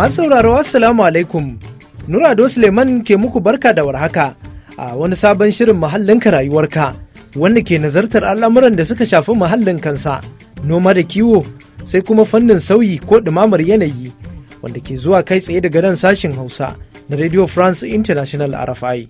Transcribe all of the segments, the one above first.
Masu sauraro Assalamu alaikum. Nurado Suleiman ke muku barka da warhaka a wani sabon shirin muhallinka rayuwarka wanda ke nazartar al'amuran da suka shafi muhallin kansa, noma da kiwo, sai kuma fannin sauyi ko ɗumamar yanayi wanda ke zuwa kai tsaye daga nan sashin Hausa na Radio France International RFI.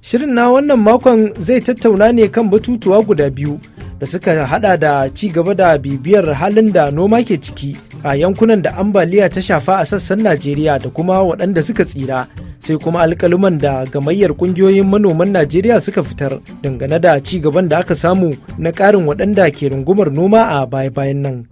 Shirin na wannan makon zai tattauna ne kan batutuwa guda biyu da suka hada da ci gaba da bibiyar halin da noma ke ciki a yankunan da ambaliya ta shafa a sassan Najeriya da kuma waɗanda suka tsira sai kuma alkaluman da gamayyar ƙungiyoyin manoman Najeriya suka fitar dangane da ci gaban da aka samu na ƙarin waɗanda ke rungumar noma a baya-bayan nan.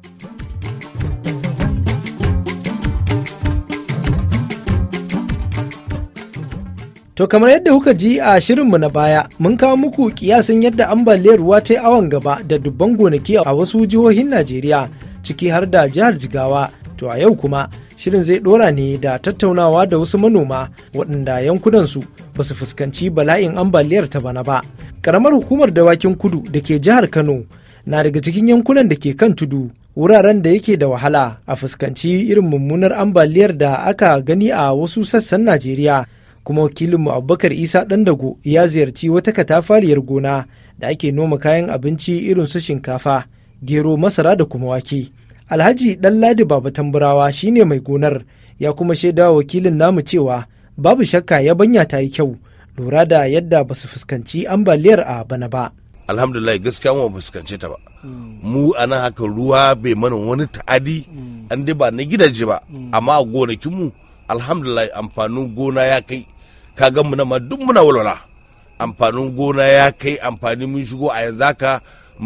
To kamar yadda kuka ji a shirinmu na baya, mun kawo muku kiyasin yadda ambaliyar ruwa ta yi awon gaba da dubban gonaki a wasu jihohin Najeriya, ciki har da jihar Jigawa. To a yau kuma, shirin zai dora ne da tattaunawa da wasu manoma waɗanda yankunansu ba su fuskanci bala'in ambaliyar ta bana ba. Karamar hukumar dawakin kudu da ke jihar Kano na daga cikin yankunan da ke kan tudu wuraren da yake da wahala a fuskanci irin mummunar ambaliyar da aka gani a wasu sassan Najeriya. kuma wakilinmu abubakar isa dandago ya ziyarci wata katafariyar gona da ake noma kayan abinci irin su shinkafa gero masara da kuma wake alhaji ɗanladi baba tamburawa shine mai gonar ya kuma shaida wakilin namu cewa babu shakka yabanya ta yi kyau lura da yadda basu fuskanci ambaliyar a bana ba alhamdulillah gaskiya mu fuskanci ta ba mu a nan haka ruwa bai mana wani ta'adi an dai ba na gidaje ba mm. amma a gonakinmu alhamdulillah amfanin gona ya kai ka gan mu ma duk muna walwala amfanin gona ya kai amfani mun shigo a yanzu haka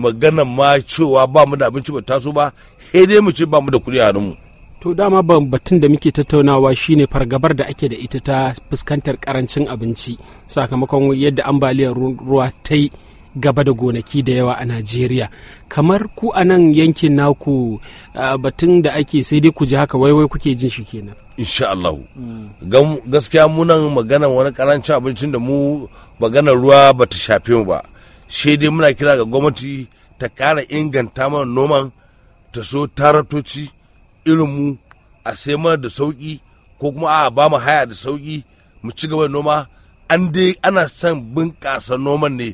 magana ma cewa ba mu da abinci ba taso ba sai dai mu ce ba mu da kuɗi a mu. to dama ban batun da muke tattaunawa shine fargabar da ake da ita ta fuskantar karancin abinci sakamakon yadda ambaliyar ruwa ta yi gaba da gonaki da yawa a najeriya kamar ku a nan yankin naku batun da ake sai dai ku ji haka waiwai kuke jin shi kenan insha Allah gaskiya munan magana wani karancin abincin da mu magana ruwa ba ta shafe mu ba shi dai muna kira ga gwamnati ta kara inganta mana noman ta so taratoci ilimu a sai mana da sauƙi ko kuma a ba mu haya da sauki mu ci gaba noma an dai ana son bunƙasa noman ne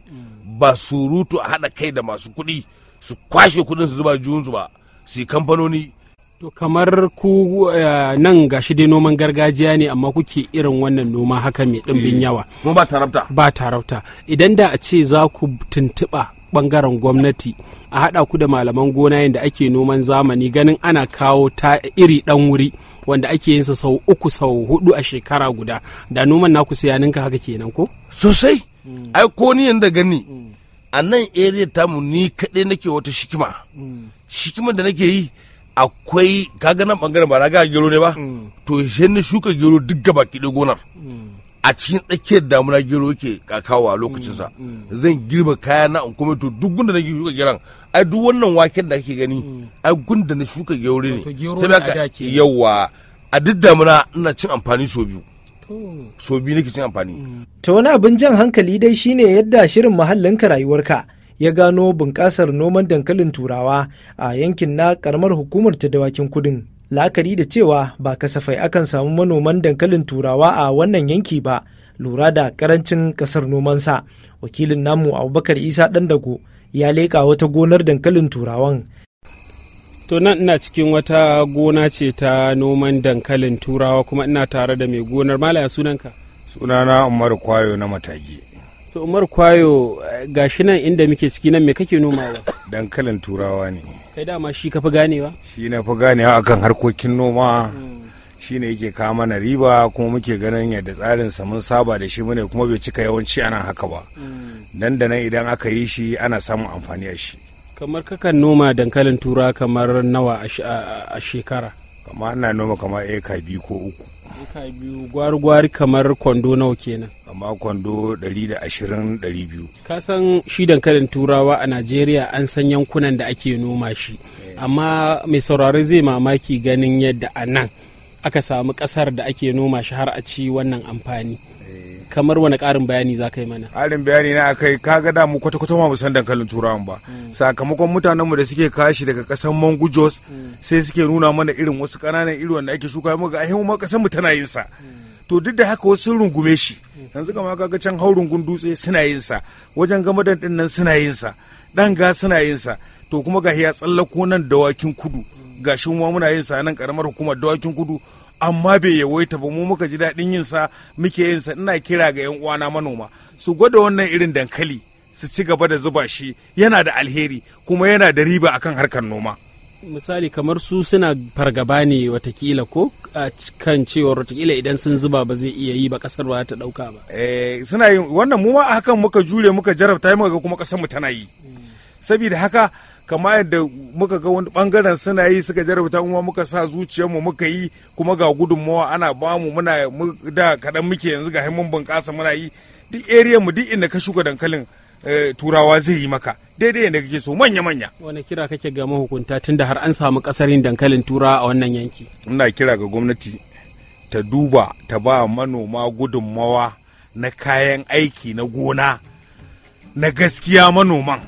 ba surutu a haɗa kai da masu kuɗi su kwashe kuɗin su zuba su ba su yi kamfanoni To kamar ku uh, nan gashi dai noman gargajiya ne amma kuke irin wannan noma haka mai ɗimbin eh, yawa. Mu ba tarauta. Ba tarauta. Idan da a ce za ku tuntuɓa ɓangaren gwamnati a haɗa ku da malaman gona yadda ake noman zamani ganin ana kawo ta iri ɗan wuri wanda ake yinsa sau uku sau hudu a shekara guda da noman naku sai ninka haka kenan ko? Sosai. Mm. Ai ko ni yanda gani mm. a nan area tamu ni kaɗai nake wata shikima. Mm. da nake yi akwai kaga bangaren ba na ga gero ne ba mm. to shi ne shuka gero duk gaba kiɗe gonar mm. a cikin tsakiyar damuna gero yake kakawa sa mm, zan girba kaya na in kuma to duk gunda na shuka gero ai duk wannan waken da kake gani ai gunda na shuka gero ne sai ka yawa a duk damuna ina cin amfani so biyu so biyu nake cin amfani to wani abin jan hankali dai shine yadda shirin muhallinka rayuwarka ya gano bunƙasar noman dankalin turawa a yankin na karamar hukumar ta dawakin kudin. La'akari da cewa ba kasafai akan samu manoman dankalin turawa a wannan yanki ba, lura da karancin ƙasar nomansa. Wakilin namu Abubakar Isa Dandago ya leƙa wata gonar dankalin turawan. To nan ina cikin wata gona ce ta noman dankalin turawa kuma ina tare da mai gonar malaya sunanka. Sunana Umar Kwayo na matagi. to umar kwayo gashi nan inda muke ciki nan me kake nomawa dankalin turawa ne kai dama shi ka fi ganewa shi na fi ganewa akan harkokin noma hmm. shi ne yake kawo mana riba kuma muke ganin yadda tsarin sa mun saba da shi mune kuma bai cika yawanci ana haka ba dan hmm. da nan idan aka yi shi ana samun amfani a shi kamar kakan noma dankalin turawa kamar nawa a shekara kamar ana noma kamar eka biyu ko uku duka biyu gwari-gwari kamar kwando nawa kenan. Amma kwando 120-200. Ka san shi dankalin turawa a Najeriya an san yankunan da ake noma shi. Eh. Amma mai saurari zai mamaki ganin yadda a nan aka samu kasar da ake noma shi har a ci wannan amfani. kamar wani ƙarin bayani za ka yi mana ƙarin bayani na akai kaga da mu kwata-kwata ma san dankalin turawan ba mm. sakamakon mutanen mu da suke kashi daga kasan mangujos mm. sai suke nuna mana irin wasu kananan iri wanda ake shuka mu ga ahin ma mu tana yin sa mm. to duk da haka wasu rungume shi yanzu kama kaga can rungun dutse suna yin sa wajen gama din nan suna yin sa ga suna yin sa to kuma ga ya tsallako nan dawakin kudu gashin mu muna yin sa nan karamar hukumar dawakin kudu amma bai yawaita ba mu muka ji daɗin yin sa muke yin sa ina kira ga yan uwana manoma su gwada wannan irin dankali su ci gaba da zuba shi yana da alheri kuma yana da riba akan harkar noma misali kamar su suna fargaba ne watakila ko a kan cewa watakila idan sun zuba ba zai iya yi ba kasar ba ta dauka ba eh suna yin wannan mu ma hakan muka jure muka jarabta muka ga kuma kasar mu tana yi mm. saboda haka kamar yadda muka ga wani bangaren suna yi suka jarabta kuma muka sa zuciyarmu muka yi kuma ga gudunmawa ana ba mu muna da kaɗan muke yanzu ga mun bunƙasa muna yi duk area mu duk inda ka shuka dankalin eh, turawa zai yi maka daidai yadda kake so manya manya wani kira kake ga mahukunta tunda har an samu kasarin dankalin tura a wannan yanki ina kira ga gwamnati ta duba ta ba manoma gudunmawa na kayan aiki na gona na gaskiya manoman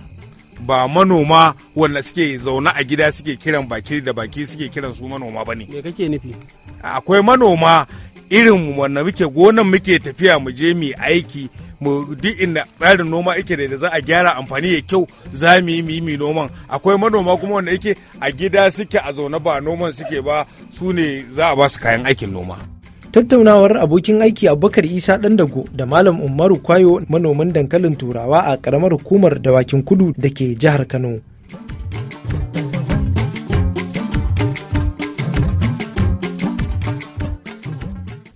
ba manoma wanda suke zaune a gida suke kiran baki da baki suke kiran su manoma ba ne. Me kake nufi? Akwai manoma irin wanda muke gonan muke tafiya mu je mu aiki mu duk inda tsarin noma yake da za a gyara amfani ya kyau za mu yi mu noman akwai manoma kuma wanda yake a gida suke a zaune ba noman suke ba su ne za a ba su kayan aikin noma. tattaunawar abokin aiki abubakar isa dandago da malam umaru kwayo manoman dankalin turawa a karamar hukumar dawakin kudu da ke jihar kano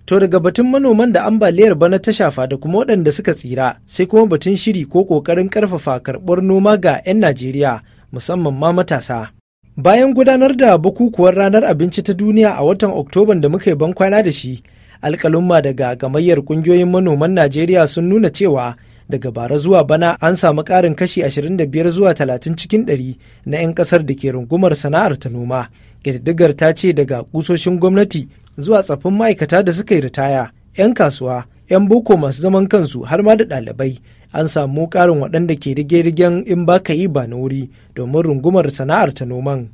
To daga batun manoman da ambaliyar bana ta shafa da kuma waɗanda suka tsira sai kuma batun shiri ko ƙoƙarin ƙarfafa karɓar noma ga 'yan Najeriya musamman ma matasa. Bayan gudanar da bukukuwar ranar abinci ta duniya a watan Oktoban da muka yi bankwana da shi, alkalumma daga gamayyar kungiyoyin manoman Najeriya sun nuna cewa daga bara zuwa bana an samu ƙarin kashi 25 zuwa 30 cikin 100 na 'yan ƙasar da ke rungumar sana'ar ta noma. Ƙididdigar ta ce daga kusoshin gwamnati zuwa tsaffin ma'aikata da suka yi ritaya, 'yan kasuwa, 'yan boko masu zaman kansu har ma da ɗalibai an samu karin waɗanda ke rige-rigen in ba ka yi ba na wuri domin rungumar sana'ar ta noman.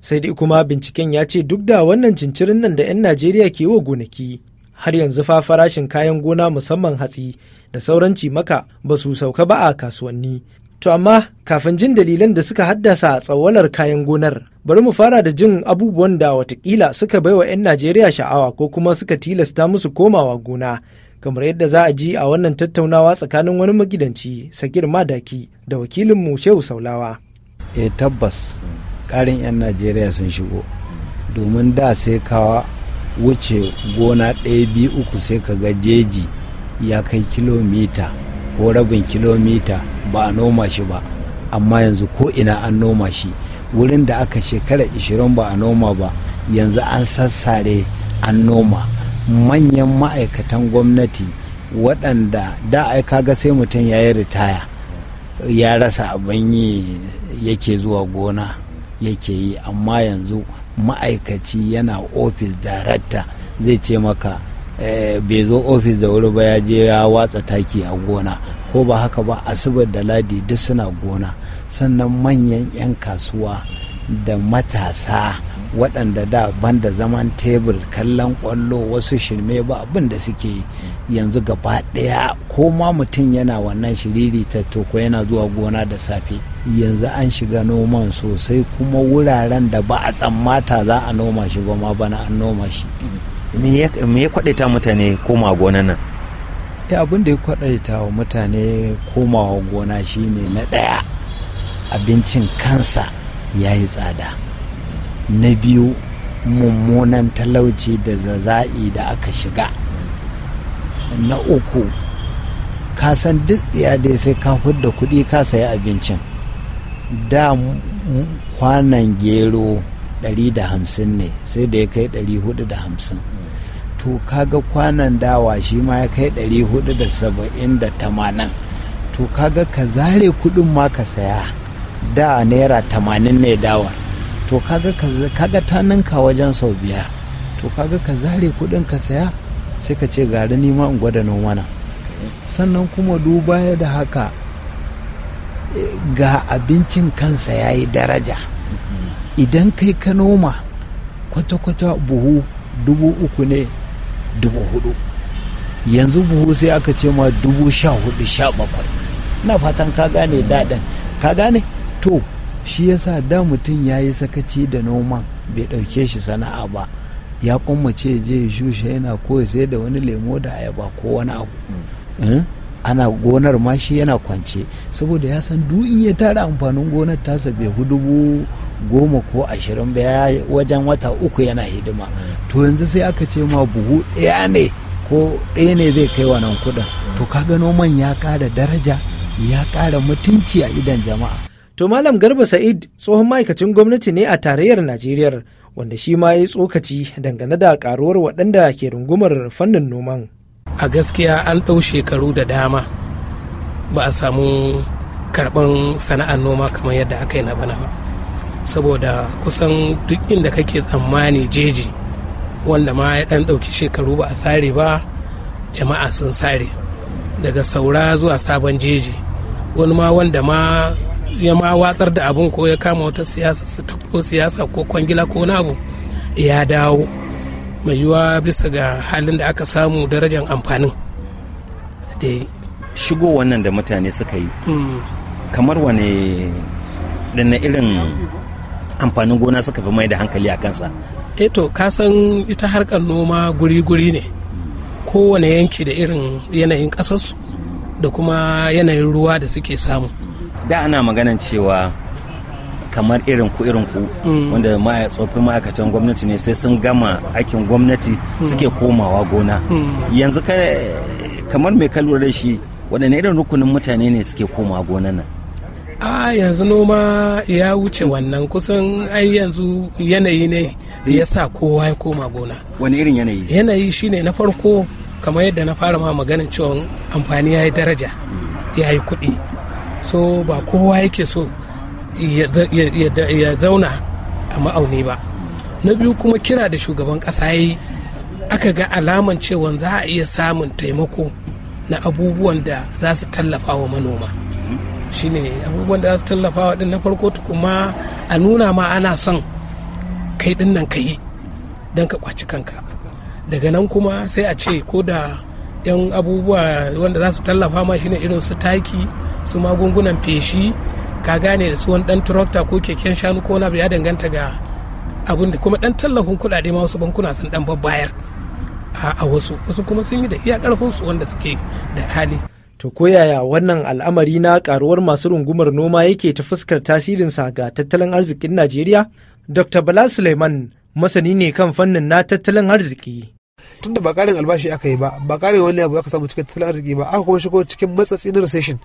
Sai dai kuma binciken ya ce duk da wannan cincirin nan da 'yan Najeriya ke wa gonaki, har yanzu fa farashin kayan gona musamman hatsi da sauran cimaka ba su sauka ba a kasuwanni. To amma kafin jin dalilan da suka haddasa a tsawalar kayan gonar, bari mu fara da jin abubuwan da watakila suka baiwa 'yan Najeriya sha'awa ko kuma suka tilasta musu komawa gona. kamar yadda za a ji a wannan tattaunawa tsakanin wani magidanci sakir madaki da wakilinmu shehu saulawa e tabbas karin 'yan najeriya sun shigo domin da sai kawa wuce gona ɗaya biyu uku sai ka ga jeji ya kai kilomita ko rabin kilomita ba a noma shi ba amma yanzu ko ina an noma shi wurin da aka shekara 20 ba a noma ba yanzu an sassare an noma manyan ma'aikatan gwamnati waɗanda da ai kaga sai mutum ya yi ritaya ya rasa abin yi yake zuwa gona yake yi amma yanzu ma'aikaci yana ofis darakta zai ce maka eh, bai zo ofis da wuri ba ya je ya watsa taki a gona ko ba haka ba asibar da ladi duk suna gona sannan manyan 'yan kasuwa da matasa waɗanda da banda zaman tebur kallon ƙwallo wasu shirme ba abin da suke yanzu gaba ɗaya ko ma mutum yana wannan shiriri ta toko yana zuwa gona da safe yanzu an shiga noman sosai kuma wuraren da ba a tsammata za a noma shi ba ma bana an noma shi me ya kwaɗaita mutane koma gona nan ya eh, abin da ya kwaɗaita wa mutane komawa gona shine na ɗaya abincin kansa ya yi tsada na biyu mummunan talauci da zaza'i da aka shiga na uku kasan duk ya dai sai ka da kuɗi ka sayi abincin da kwanan gero 150 ne sai da ya kai 450 to ga kwanan dawa shi ma ya kai 470 to ka to ka zare kuɗin ma ka saya da naira 80 ne dawa to kaga kaga ta ninka wajen sau biya to kaga ka zare kudin ka saya sai ka ce gari nima in gwada noma na sannan kuma duba da haka eh, ga abincin kansa ya yi daraja idan kai ka noma kwata-kwata buhu dubu uku ne dubu hudu yanzu buhu sai aka ce ma dubu sha hudu sha bakwai na fatan ka gane daɗin ka gane to shi yasa da mutum ya yi sakaci da noma bai ɗauke shi sana'a ba ya kummace je ya shushe yana ko sai da wani lemo da ayaba ko wani abu mm. eh? ana gonar ma shi yana kwance saboda ya san duk in ya tara amfanin gonar tasa bai hudu goma ko ashirin ba ya wajen wata uku yana hidima mm. to yanzu sai aka ce ma buhu ɗaya ne ko ɗaya ne zai kai wannan kuɗin to kaga noman ya ƙara daraja ya ƙara mutunci a idan jama'a To Malam Garba Sa'id tsohon ma'aikacin gwamnati ne a tarayyar Najeriya wanda shi ma ya tsokaci dangane da karuwar waɗanda ke rungumar fannin noman. A gaskiya an ɗau shekaru da dama ba a samu karɓan sana'ar noma kamar yadda aka yi na bana ba. Saboda kusan duk inda kake tsammani jeji wanda ma ya ɗan ɗauki shekaru ba a sare ba jama'a sun sare daga saura zuwa sabon jeji wani ma wanda ma ya ma watsar da abun ko ya kama wata siyasa ko siyasa ko kwangila ko wani abu ya dawo mai yiwuwa bisa ga halin da aka samu darajar amfanin da shigo wannan da mutane suka yi hmm. kamar wani na irin amfanin gona suka fi mai da hankali a kansa eto eh kasan ita harkar noma guri-guri ne kowane yanki da irin yanayin ƙasarsu da kuma yanayin ruwa da suke samu da ana maganan cewa kamar irin ku irin ku mm. wanda tsofin ma'aikatan gwamnati ne sai sun gama aikin gwamnati mm. suke komawa gona mm. yanzu kamar mai kalwar da shi waɗanne irin rukunin mutane ne suke komawa gona nan a yanzu noma ya wuce wannan kusan ai yanzu yanayi ne ya sa kowa ya koma gona wani irin yanayi yanayi shine na farko kamar yadda na fara ma maganin cewa amfani ya yi daraja ya yi kuɗi so ba kowa yake so ya zauna a ma'auni ba na biyu kuma kira da shugaban ƙasa yi aka ga alaman cewa za a iya samun taimako na abubuwan da za su tallafa wa manoma shine abubuwan da za su tallafa wa na farko kuma a nuna ma ana son kai din nan ka don ka kwaci kanka daga nan kuma sai a ce ko da yan abubuwa wanda za su tallafa ma shine irin su taki su magungunan feshi ka gane da su wani dan tractor ko keken shanu ko wani ya danganta ga abin da kuma dan tallafin kudade ma wasu bankuna sun dan babbayar a wasu wasu kuma sun yi da iya karfin su wanda suke da hali to yaya wannan al'amari na karuwar masu rungumar noma yake ta fuskar sa ga tattalin arzikin najeriya dr bala suleiman masani ne kan fannin na tattalin arziki tun da ba albashi aka yi ba ba wani abu aka samu cikin tattalin arziki ba aka kuma shigo cikin matsatsi na recession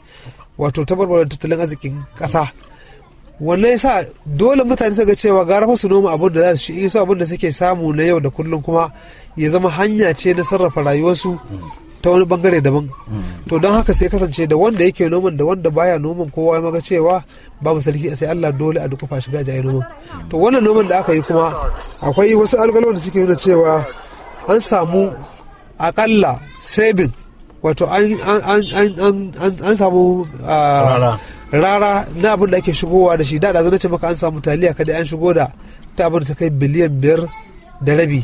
wato tabarbarar tattalin arzikin kasa wannan yasa dole mutane su ga cewa gara fa su noma abin da za su ci su abin da suke samu na yau da kullum kuma ya zama hanya ce na sarrafa rayuwarsu ta wani bangare daban mm. to don haka sai kasance da wanda yake noman da wanda baya noman kowa ya maga cewa babu sarki sai Allah dole a dukufa shiga jayi noman to wannan noman da aka yi kuma akwai wasu alƙalman da suke nuna cewa an samu akalla saving wato an samu ah, rara na abin da ake shigowa da shi da zana ce maka an samu taliya kada an shigo da ta abin ta kai biliyan biyar da rabi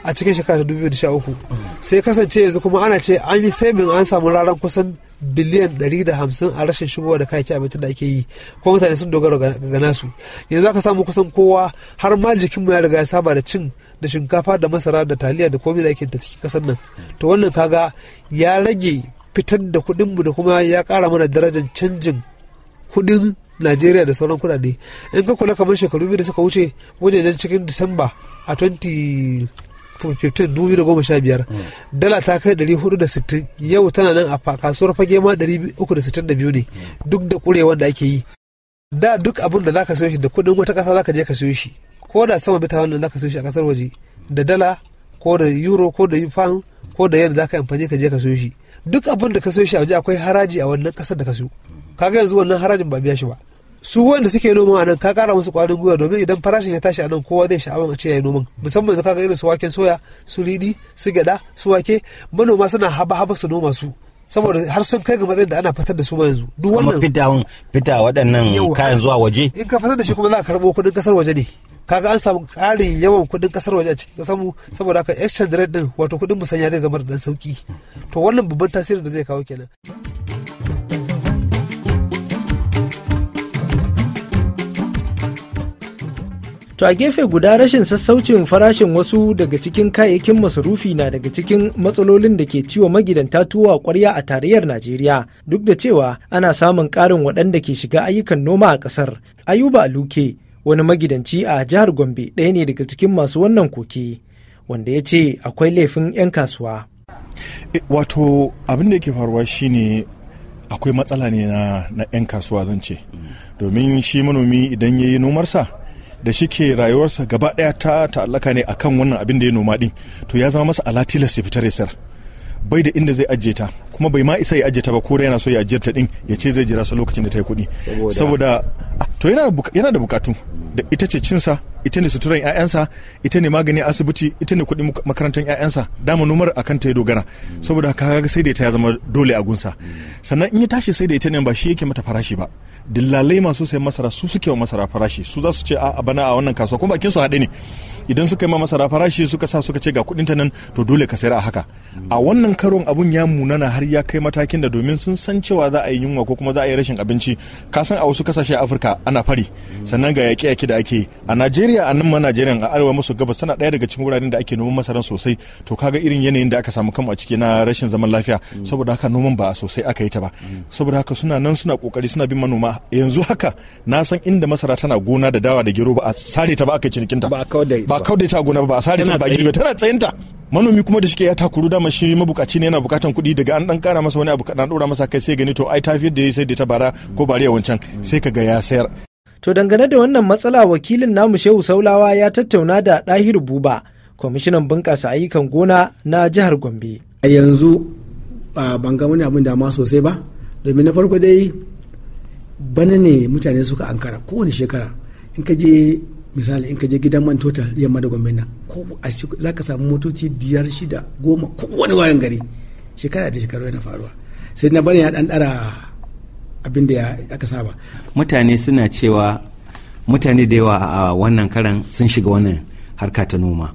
a cikin shekara ta 2013 mm. sai kasance yanzu kuma ana ce an yi sabin an samu raran kusan biliyan da 150 a rashin shigowa da kayayyakin abincin da ake yi kuma mutane sun dogara ga nasu yanzu aka samu kusan kowa har ma jikinmu ya riga ya saba da cin da shinkafa da masara da taliya da komai da ake ta cikin kasar nan to wannan kaga ya rage fitar da kuɗinmu da kuma ya kara mana darajar canjin kudin najeriya da sauran kudade in ka kula kamar shekaru biyu da suka wuce wajejen cikin disamba a fifitin dubu da goma sha biyar dala ta kai ɗari hudu da sittin yau tana nan a kasuwar fage ma ɗari uku da sittin da biyu ne duk da kurewa da ake yi da duk abin da zaka siyo shi da kuɗin wata ƙasa zaka je ka siyo shi ko da sama bita wannan zaka siyo shi a ƙasar waje da dala ko da euro ko da pound ko da yadda zaka amfani ka je ka siyo shi duk abin da ka siyo shi a waje akwai haraji a wannan ƙasar da ka siyo kaga yanzu wannan harajin ba biya shi ba su wanda suke noma a nan ka kara musu kwarin gwiwa domin idan farashin ya tashi a nan kowa zai sha'awar a ce yayi noman musamman da kaga irin su waken soya su ridi su gyada su wake manoma suna haba haba su noma su saboda har sun kai ga matsayin da ana fitar da su ma yanzu duk wannan fitawan fita waɗannan kayan zuwa waje in ka fitar da shi kuma za a karɓo kuɗin kasar waje ne kaga an samu ƙarin yawan kuɗin kasar waje a cikin kasar mu saboda haka exchange rate din wato kuɗin musanya zai zama da dan sauki to wannan babban tasirin da zai kawo kenan To a gefe guda rashin sassaucin farashin wasu daga cikin kayayyakin masarufi na daga cikin matsalolin da ke ciwo magidanta tuwa kwarya a tarayyar Najeriya duk da cewa ana samun ƙarin waɗanda ke shiga ayyukan noma a ƙasar. Ayuba Aluke wani magidanci a jihar Gombe ɗaya ne daga cikin masu wannan koke wanda ya ce akwai laifin 'yan kasuwa. Eh, wato abin da ke faruwa shine akwai matsala ne na 'yan kasuwa zan ce mm. domin shi manomi idan ya yi nomarsa da shike rayuwarsa gaba ɗaya ta ta'allaka ne akan wannan abin da ya noma din to ya zama masa tilas ya fitar ya bai da inda zai ajiye ta kuma bai ma isa ya ajiye ta ba ko da yana so ya ajiye ta din ya ce zai jira sa lokacin da ta yi kuɗi saboda ah, to yana da bukatu da ita ce cinsa ita ne suturan 'ya'yansa ita ne magani asibiti ita ne kuɗin makarantar 'ya'yansa dama numar a ta ya dogara saboda kaga sai da ita ya zama dole a gunsa sannan in ya tashi sai da ita ne ba shi yake mata farashi ba dillalai masu sayan masara su suke wa masara farashi su za su ce a bana a wannan kasuwa kuma bakin su haɗe ne idan suka yi ma masara farashi suka sa suka ce ga kuɗin ta nan to dole ka sayar a haka a wannan karon abun ya munana har ya kai matakin da domin sun san cewa za a yi yunwa ko kuma za a yi rashin abinci ka san a wasu kasashe a afirka ana fari sannan ga yaƙe-yaƙe da ake a najeriya Najeriya a nan ma Najeriya a arewa maso gabas tana ɗaya daga cikin wuraren da ake noman masaran sosai to kaga irin yanayin da aka samu kanmu a ciki na rashin zaman lafiya saboda haka noman ba sosai aka yi ta ba saboda haka suna nan suna kokari suna bin manoma yanzu haka na san inda masara tana gona da dawa da gero ba a sare ta ba aka cinikin ta ba kauda ta gona ba a sare ta ba girbe tana tsayinta manomi kuma da shike ya takuru da shi mabukaci ne yana bukatan kuɗi daga an dan kara masa wani abu kaɗan dora masa kai sai gani to ai tafiyar da ya sai da ta bara ko bari ya wancan sai kaga ya sayar To dangane da wannan matsala wakilin namu Shehu Saulawa ya tattauna da ɗahiru Buba, kwamishinan bunƙasa ayyukan gona na jihar Gombe. A yanzu ban ga wani abin dama sosai ba, domin na farko dai bana ne mutane suka ankara kowane shekara in ka je misali in ka je gidan man total yamma da gombe na ko a za ka samu motoci biyar shida goma ko wani wayan gari shekara da shekaru yana faruwa sai na bana ya dan abin da aka saba mutane suna cewa mutane da yawa a wannan karan sun shiga wannan harka ta noma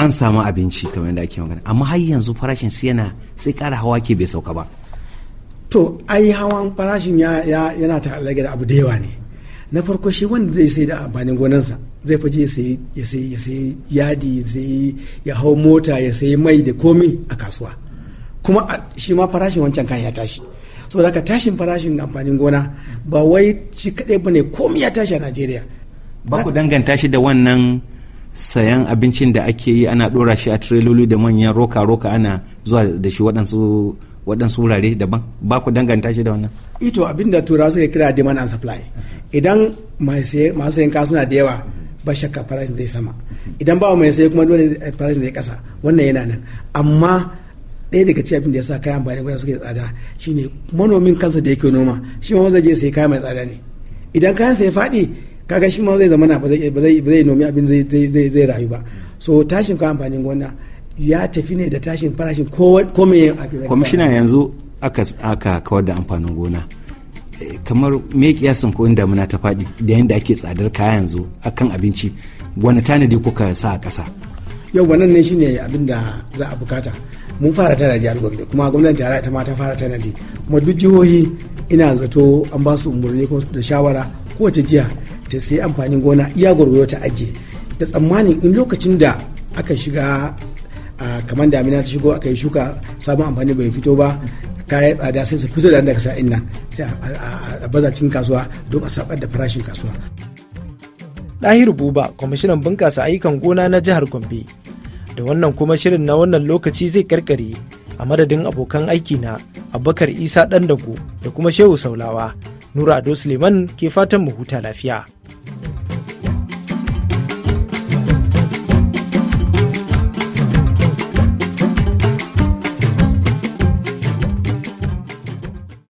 an samu abinci kamar yadda ake magana amma har yanzu farashin su yana sai kara hawa ke bai sauka ba to ai hawan farashin yana ta da abu da yawa ne na farko shi wanda zai sai da amfanin gonansa zai faje ya sai yadi zai ya hau mota ya sai mai da komi a kasuwa kuma shi ma farashin wancan kayan ya tashi saboda haka tashin farashin amfanin gona ba wai shi kadai bane komai ya tashi a Najeriya ba ku danganta shi da wannan sayan abincin da ake yi ana dora shi a tireloli da manyan roka-roka ana zuwa da shi waɗansu waɗansu wurare daban ba ku danganta shi da wannan ito da turawa suka kira demand and supply idan masu sayan na da yawa ba shakka farashin zai sama idan ba mai sai kuma dole eh, farashin zai kasa wannan yana nan amma ɗaya daga cikin abin da ya sa kayan bayan gona suke tsada shine manomin kansa da yake noma shi ma zai je sai kaya mai tsada ne idan kayan sa ya faɗi kaga shi ma zai zama na ba zai nomi abin zai rayu ba so tashin kayan bayan gona ya tafi ne da tashin farashin kome kwamishina yanzu aka kawar da amfanin gona eh, kamar me kiyasin ko in muna ta faɗi da yadda ake tsadar kaya yanzu akan abinci wani tanadi kuka sa a ƙasa yau wannan ne shine abin da za a bukata mun fara tana jihar gombe kuma gwamnatin jihar ita ma ta fara tana di kuma duk jihohi ina zato an ba su umarni ko da shawara kowace jiya ta sai amfanin gona iya gwargwaro ta ajiye da tsammanin in lokacin da aka shiga kamar damina ta shigo aka yi shuka sabon amfani bai fito ba kaya tsada sai su fito da daga sa'in nan sai a baza cikin kasuwa don a sabar da farashin kasuwa. ɗahiru Buba, kwamishinan bunƙasa ayyukan gona na jihar Gombe, da wannan kuma shirin na wannan lokaci zai karkare a madadin abokan aiki na abubakar isa ɗandago da kuma shehu saulawa nura ado suleiman ke fatan mu huta lafiya